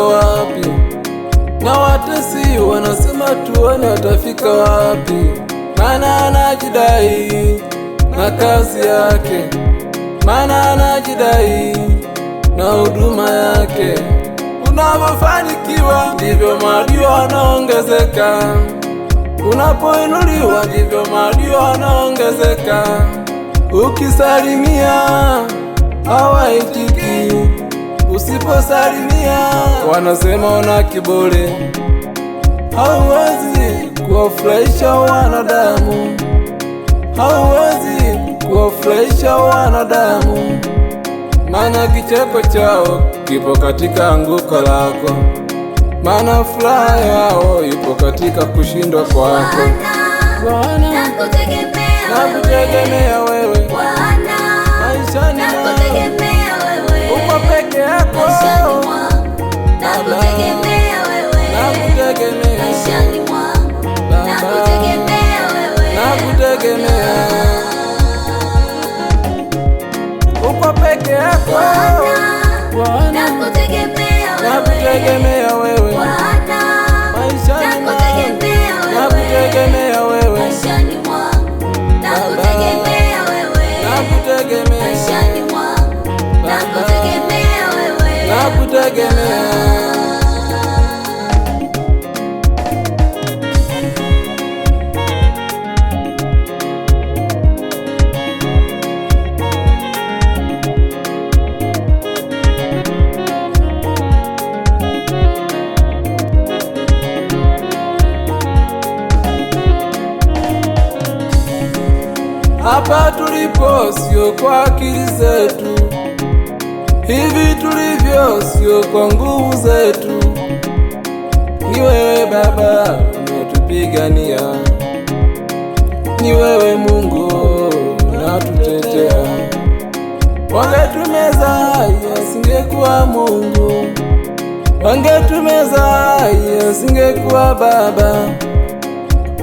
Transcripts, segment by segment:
atafika wapi? Na watesi wanasema tuone atafika wapi, mana anajidai na kazi yake, mana anajidai na huduma yake. Unapofanikiwa ndivyo maadui wanaongezeka, unapoinuliwa ndivyo maadui wanaongezeka. Ukisalimia hawaitiki, usiposalimia wanasema una kiburi, hauwezi kuwafurahisha wanadamu, hauwezi kuwafurahisha wanadamu, maana kicheko chao kipo katika anguko lako, maana furaha yao ipo katika kushindwa kwako. Bwana, nakutegemea wewe kutegemea. Uko peke yako, Bwana nakutegemea wewe, nakutegemea wewe, nakutegemea hapa tulipo, sio kwa akili zetu, hivi tulivyo, sio kwa nguvu zetu, ni wewe Baba unatupigania, ni wewe Mungu unatutetea. Wangetumeza haya, Mungu, wangetumeza haya, singekuwa Baba,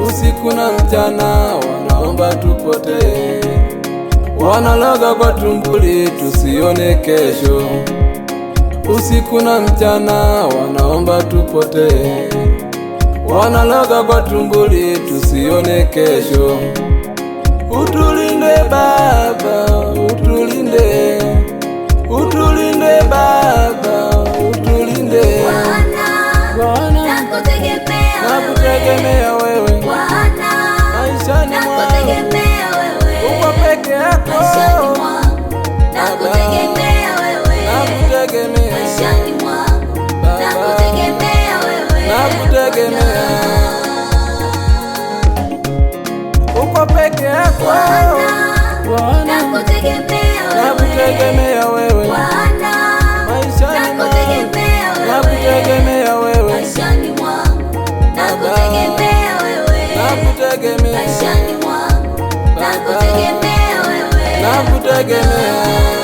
usiku na mchana naomba tupotee. Wanaloga kwa tumbuli tusione kesho, usiku na mchana wanaomba tupotee. Wanaloga kwa tumbuli tusione kesho, utulinde Baba, utulinde, utulinde Baba, utulinde Bwana, nakutegemea kutegemea. Uko peke yako, nakutegemea wewe, nakutegemea wewe, nakutegemea